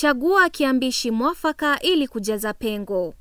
Chagua kiambishi mwafaka ili kujaza pengo.